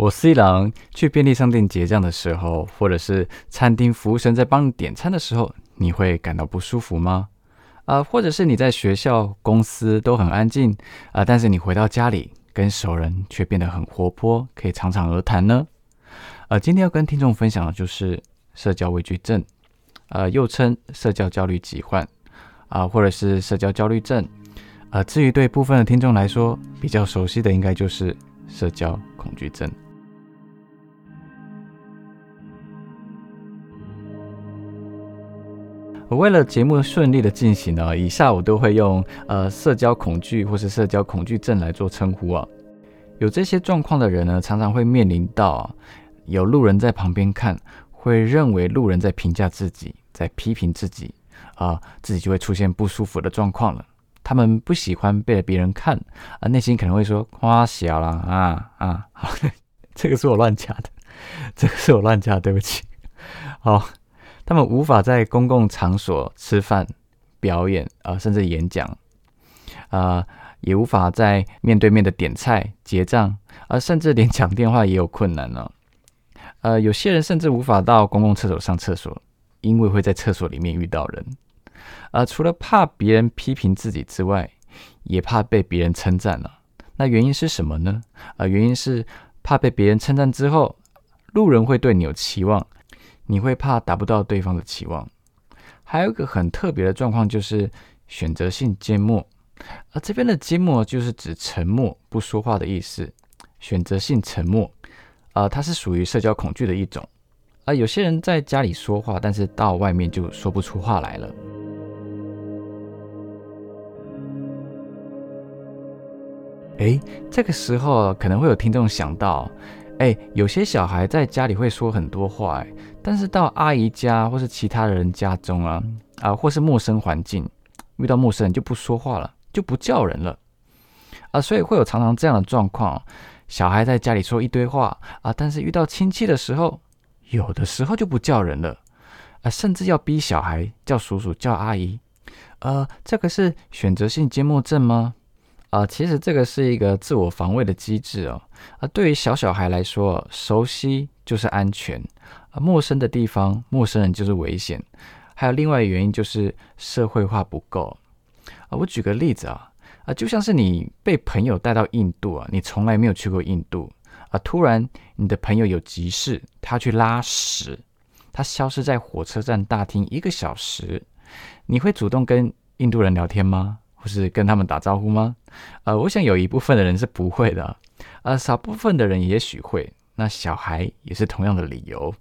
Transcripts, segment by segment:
我是一郎，去便利商店結賬的時候，或者是餐廳服務生在幫你點餐的時候，你會感到不舒服嗎？啊、呃，或者是你在學校、公司都很安靜啊、呃，但是你回到家裡跟熟人卻變得很活潑，可以常常而談呢？呃，今天要跟聽眾分享的就是社交畏懼症，呃，又稱社交焦慮疾患，啊、呃，或者是社交焦慮症。呃，至於對部分的聽眾來說比較熟悉的，應該就是社交恐懼症。我為了節目順利的進行呢，以下我都會用呃社交恐懼或是社交恐懼症來做稱呼啊。有這些狀況的人呢，常常會面臨到有路人在旁邊看，會認為路人在評價自己，在批評自己，啊、呃，自己就會出現不舒服的狀況了。他們不喜歡被別人看，而、呃、內心可能會說：誇小了啊啊，好，這個是我亂加的，這個是我亂加，對不起。好。他們無法在公共場所吃飯、表演啊、呃，甚至演講啊、呃，也無法在面對面的點菜、結賬啊、呃，甚至連講電話也有困難呢、啊。呃，有些人甚至無法到公共廁所上廁所，因為會在廁所裡面遇到人啊、呃。除了怕別人批評自己之外，也怕被別人稱讚了、啊。那原因是什麼呢？啊、呃，原因是怕被別人稱讚之後，路人會對你有期望。你會怕達不到對方的期望，還有一個很特別的狀況就是選擇性緘默，而這邊的緘默就是指沉默不說話的意思，選擇性沉默，呃，它是屬於社交恐懼的一種，啊，呃，有些人在家裡說話，但是到外面就說不出話來了。哎，這個時候可能會有聽眾想到。哎，有些小孩在家裡會說很多話，哎，但是到阿姨家或是其他的人家中啊，啊、呃，或是陌生環境，遇到陌生人就不說話了，就不叫人了，啊、呃，所以會有常常這樣的狀況，小孩在家裡說一堆話啊、呃，但是遇到親戚的時候，有的時候就不叫人了，啊、呃，甚至要逼小孩叫叔叔叫阿姨，呃，這個是選擇性緘默症嗎？啊、呃，其實這個是一個自我防衛的機制哦。啊、呃，對於小小孩來說，熟悉就是安全，啊、呃，陌生的地方、陌生人就是危險。還有另外一個原因就是社會化不夠。啊、呃，我舉個例子啊，啊、呃，就像是你被朋友帶到印度啊，你從來沒有去過印度，啊、呃，突然你的朋友有急事，他要去拉屎，他消失在火車站大廳一個小時，你會主動跟印度人聊天嗎？不是跟他們打招呼嗎？呃，我想有一部分的人是不會的，呃，少部分的人也許會。那小孩也是同樣的理由，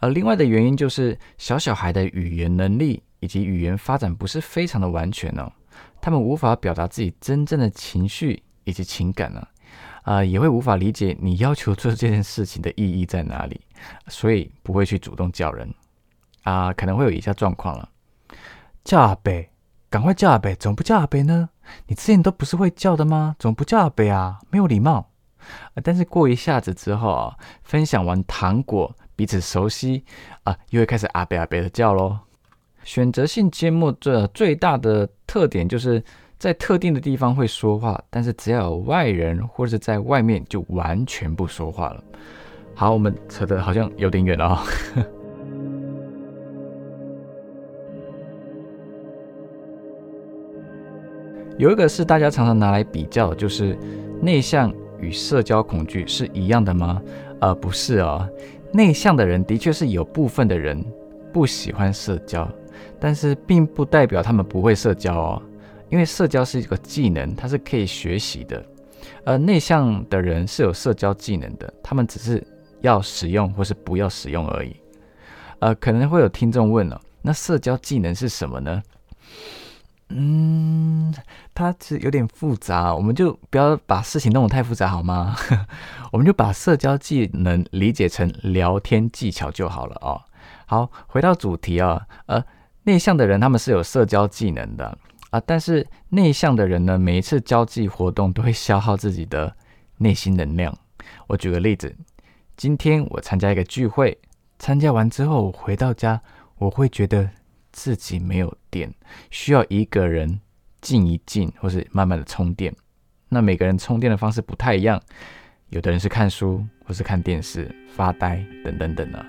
呃，另外的原因就是小小孩的語言能力以及語言發展不是非常的完全呢、哦，他們無法表達自己真正的情緒以及情感呢、啊，啊、呃，也會無法理解你要求做這件事情的意義在哪裡，所以不會去主動叫人，啊、呃，可能會有以下狀況了，加倍。趕快叫阿伯，怎麼不叫阿伯呢？你之前都不是會叫的嗎？怎麼不叫阿伯啊？沒有禮貌、呃。但是過一下子之後，分享完糖果，彼此熟悉啊、呃，又會開始阿伯阿伯的叫咯。選擇性緘默，這最大的特點就是在特定的地方會說話，但是只要有外人或者是在外面就完全不說話了。好，我們扯得好像有點遠了啊、哦。 有一個是大家常常拿來比較的，就是內向與社交恐懼是一樣的嗎？呃，不是哦。內向的人的確是有部分的人不喜歡社交，但是並不代表他們不會社交哦。因為社交是一個技能，它是可以學習的。呃，內向的人是有社交技能的，他們只是要使用或是不要使用而已。呃，可能會有聽眾問了，哦，那社交技能是什麼呢？嗯，它其實有點複雜，我們就不要把事情弄得太複雜好嗎？ 我們就把社交技能理解成聊天技巧就好了哦。好，回到主題啊、哦，呃，內向的人他們是有社交技能的啊、呃，但是內向的人呢，每一次交際活動都會消耗自己的內心能量。我舉個例子，今天我參加一個聚會，參加完之後我回到家，我會覺得，自己沒有電，需要一個人靜一靜，或是慢慢的充電。那每個人充電的方式不太一樣，有的人是看書，或是看電視、發呆等，等等等啊。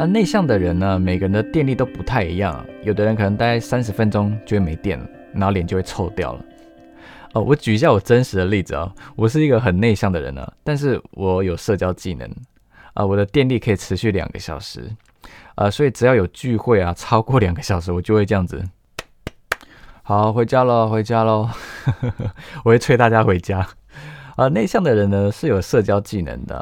而內向的人呢，每個人的電力都不太一樣啊，有的人可能待三十分鐘就會沒電了，然後臉就會臭掉了。哦，我舉一下我真實的例子啊、哦，我是一個很內向的人呢、啊，但是我有社交技能啊、呃，我的電力可以持續兩個小時，啊、呃，所以只要有聚會啊，超過兩個小時，我就會這樣子，好，回家嘍，回家嘍， 我會催大家回家。啊、呃，內向的人呢是有社交技能的，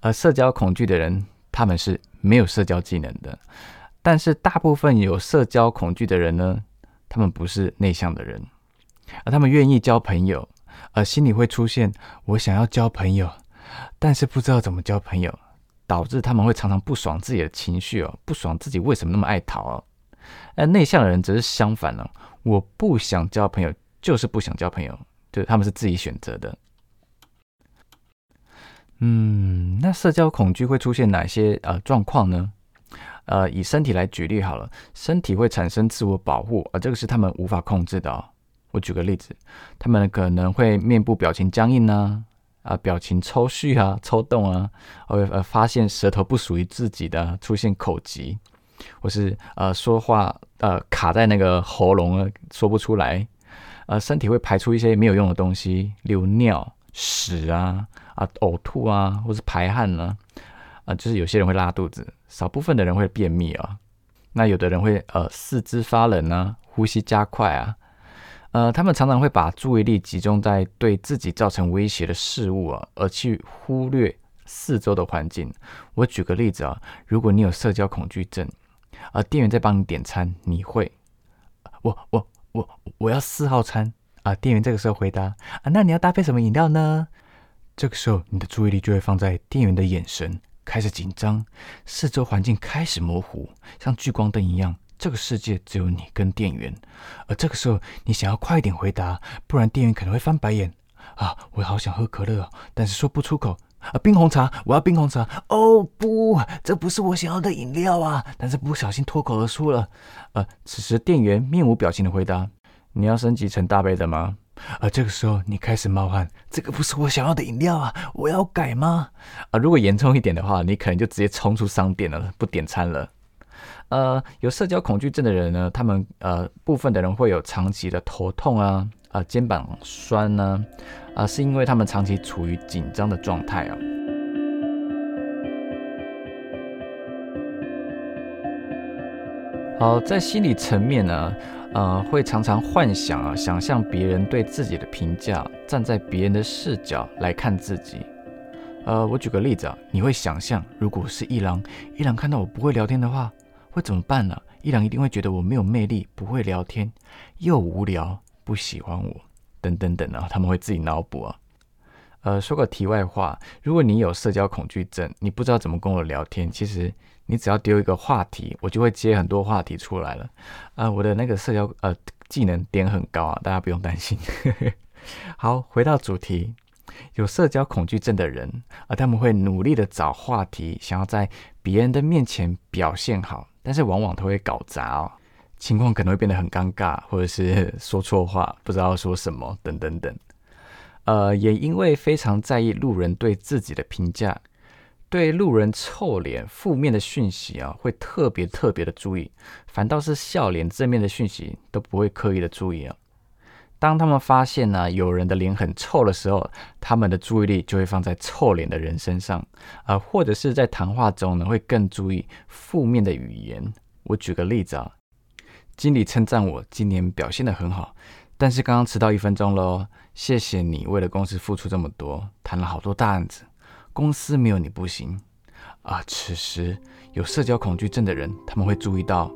而、呃、社交恐懼的人他們是沒有社交技能的，但是大部分有社交恐懼的人呢，他們不是內向的人。而他們願意交朋友，而、呃、心裡會出現我想要交朋友，但是不知道怎麼交朋友，導致他們會常常不爽自己的情緒哦，不爽自己為什麼那麼愛逃、啊。而內向的人則是相反呢、啊，我不想交朋友，就是不想交朋友，就是、他們是自己選擇的。嗯，那社交恐懼會出現哪些呃狀況呢？呃，以身體來舉例好了，身體會產生自我保護，啊、呃，這個是他們無法控制的哦。我舉個例子，他們可能會面部表情僵硬呢、啊，啊、呃，表情抽搐啊，抽動啊，會呃發現舌頭不屬於自己的，出現口疾，或是呃說話呃卡在那個喉嚨啊，說不出來，呃，身體會排出一些沒有用的東西，流尿、屎啊，啊、呃，嘔、呃、吐啊，或是排汗啊、呃，就是有些人會拉肚子，少部分的人會便秘啊，那有的人會呃四肢發冷啊，呼吸加快啊。呃，他們常常會把注意力集中在對自己造成威脅的事物啊，而去忽略四周的環境。我舉個例子啊，如果你有社交恐懼症，而、呃、店員在幫你點餐，你會，我我我我要四號餐啊、呃，店員這個時候回答啊、呃，那你要搭配什麼飲料呢？這個時候你的注意力就會放在店員的眼神，開始緊張，四周環境開始模糊，像聚光燈一樣。這個世界只有你跟店員，而、呃、這個時候你想要快一點回答，不然店員可能會翻白眼。啊，我好想喝可樂、哦，但是說不出口。啊，冰紅茶，我要冰紅茶。哦不，這不是我想要的飲料啊！但是不小心脫口而出了。呃，此時店員面無表情的回答：“你要升級成大杯的嗎？”而、啊、這個時候你開始冒汗，這個不是我想要的飲料啊！我要改嗎？啊，如果嚴重一點的話，你可能就直接衝出商店了，不點餐了。呃，有社交恐懼症的人呢，他們呃部分的人會有長期的頭痛啊，啊、呃、肩膀酸啊，啊、呃、是因為他們長期處於緊張的狀態啊。好，在心理層面呢，呃會常常幻想啊，想象別人對自己的評價，站在別人的視角來看自己。呃，我舉個例子啊，你會想象，如果是一郎，一郎看到我不會聊天的話。會怎麼辦呢？啊？一郎一定會覺得我沒有魅力，不會聊天，又無聊，不喜歡我，等等等啊，他們會自己腦補啊。呃，說個題外話，如果你有社交恐懼症，你不知道怎麼跟我聊天，其實你只要丟一個話題，我就會接很多話題出來了。啊、呃，我的那個社交呃技能點很高啊，大家不用擔心。 好，回到主題，有社交恐懼症的人，啊、呃，他們會努力的找話題，想要在別人的面前表現好。但是往往都會搞砸哦，情況可能會變得很尷尬，或者是說錯話，不知道說什麼，等等等。呃，也因為非常在意路人對自己的評價，對路人臭臉負面的訊息啊、哦，會特別特別的注意，反倒是笑臉正面的訊息都不會刻意的注意啊、哦。當他們發現呢、啊、有人的臉很臭的時候，他們的注意力就會放在臭臉的人身上，啊、呃，或者是在談話中呢會更注意負面的語言。我舉個例子啊，經理稱讚我今年表現得很好，但是剛剛遲到一分鐘嘍。謝謝你為了公司付出這麼多，談了好多大案子，公司沒有你不行啊、呃。此時有社交恐懼症的人，他們會注意到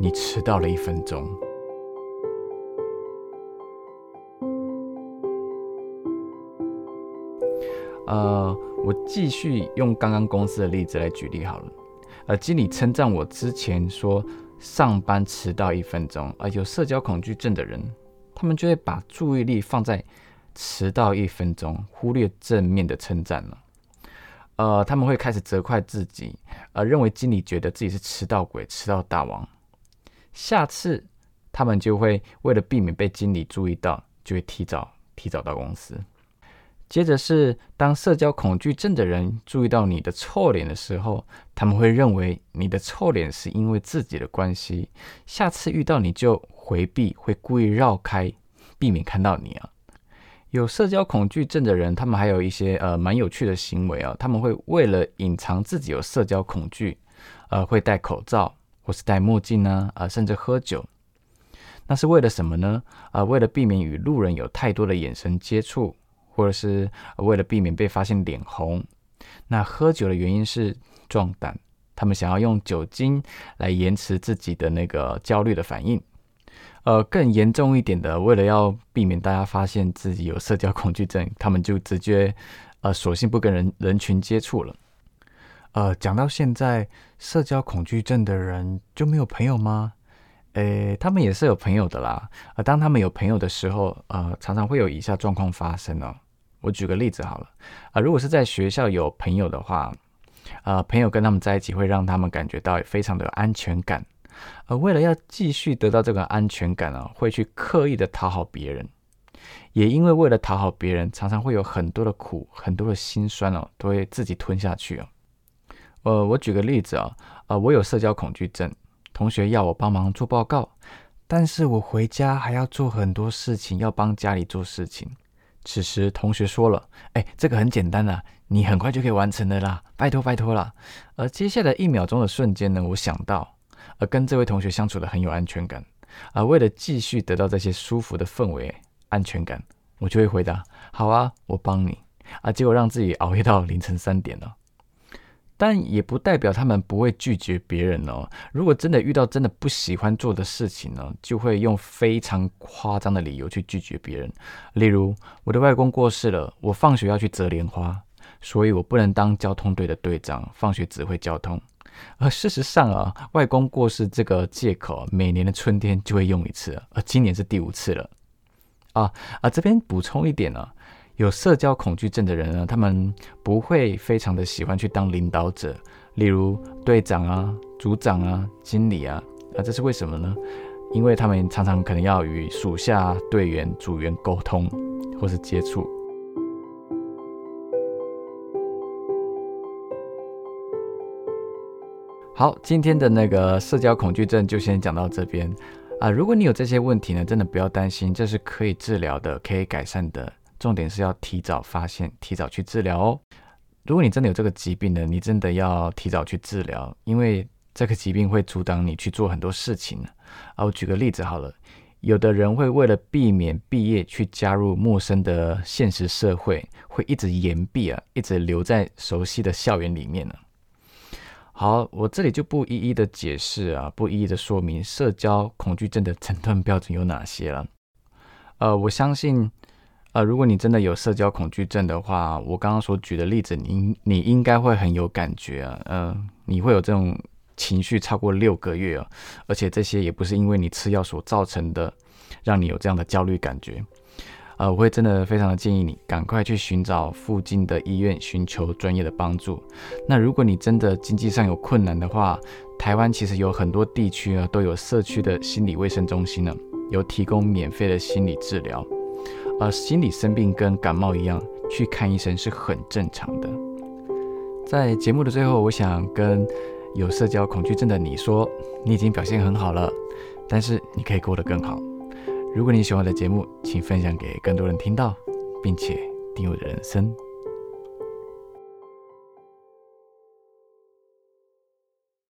你遲到了一分鐘。呃，我繼續用剛剛公司的例子來舉例好了。呃，經理稱讚我之前說上班遲到一分鐘，而、呃、有社交恐懼症的人，他們就會把注意力放在遲到一分鐘，忽略正面的稱讚了。呃，他們會開始責怪自己，呃，認為經理覺得自己是遲到鬼、遲到大王。下次他們就會為了避免被經理注意到，就會提早提早到公司。接着是，當社交恐懼症的人注意到你的臭臉的時候，他們會認為你的臭臉是因為自己的關係。下次遇到你就回避，會故意繞開，避免看到你啊。有社交恐懼症的人，他們還有一些呃蠻有趣的行為啊。他們會為了隱藏自己有社交恐懼，呃，會戴口罩或是戴墨鏡呢，啊，啊，呃，甚至喝酒。那是為了什麼呢？呃，為了避免與路人有太多的眼神接觸。或者是為了避免被發現臉紅，那喝酒的原因是壯膽，他們想要用酒精來延遲自己的那個焦慮的反應。呃，更嚴重一點的，為了要避免大家發現自己有社交恐懼症，他們就直接呃，索性不跟人人群接觸了。呃，講到現在，社交恐懼症的人就沒有朋友嗎？誒，他們也是有朋友的啦。呃，當他們有朋友的時候，呃，常常會有以下狀況發生哦、啊。我舉個例子好了，啊、呃，如果是在學校有朋友的話，啊、呃，朋友跟他們在一起會讓他們感覺到非常的有安全感，呃，為了要繼續得到這個安全感啊、哦，會去刻意的討好別人，也因為為了討好別人，常常會有很多的苦，很多的心酸哦，都會自己吞下去哦。呃，我舉個例子啊、哦，啊、呃，我有社交恐懼症，同學要我幫忙做報告，但是我回家還要做很多事情，要幫家裡做事情。此時，同學說了：“哎、欸，這個很簡單啦、啊，你很快就可以完成的啦，拜託拜託啦。”而接下來一秒鐘的瞬間呢，我想到，而跟這位同學相處的很有安全感，而為了繼續得到這些舒服的氛圍安全感，我就會回答：“好啊，我幫你。”啊，結果讓自己熬夜到凌晨三點了。但也不代表他們不會拒絕別人哦。如果真的遇到真的不喜歡做的事情呢，就會用非常誇張的理由去拒絕別人。例如，我的外公過世了，我放學要去折蓮花，所以我不能當交通隊的隊長，放學指揮交通。而事實上啊，外公過世這個借口，每年的春天就會用一次，而今年是第五次了。啊，啊，這邊補充一點呢、啊。有社交恐懼症的人呢，他們不會非常的喜歡去當領導者，例如隊長啊、組長啊、經理啊，啊，這是為什麼呢？因為他們常常可能要與屬下、隊員、組員溝通或是接觸。好，今天的那個社交恐懼症就先講到這邊啊。如果你有這些問題呢，真的不要擔心，這是可以治療的，可以改善的。重點是要提早發現，提早去治療哦。如果你真的有這個疾病呢，你真的要提早去治療，因為這個疾病會阻擋你去做很多事情呢。啊，我舉個例子好了，有的人會為了避免畢業去加入陌生的現實社會，會一直延畢啊，一直留在熟悉的校園裡面呢，啊。好，我這裡就不一一的解釋啊，不一一一的說明社交恐懼症的診斷標準有哪些了。呃，我相信。呃，如果你真的有社交恐懼症的話，我剛剛所舉的例子，你你，你應該會很有感覺啊，嗯、呃，你會有這種情緒超過六個月啊，而且這些也不是因為你吃藥所造成的，讓你有這樣的焦慮感覺。呃，我會真的非常的建議你趕快去尋找附近的醫院尋求專業的幫助。那如果你真的經濟上有困難的話，台灣其實有很多地區啊都有社區的心理衛生中心呢、啊，有提供免費的心理治療。呃，而心理生病跟感冒一樣，去看醫生是很正常的。在節目的最後，我想跟有社交恐懼症的你說，你已經表現很好了，但是你可以過得更好。如果你喜歡我的節目，請分享給更多人聽到，並且訂閱我的人生。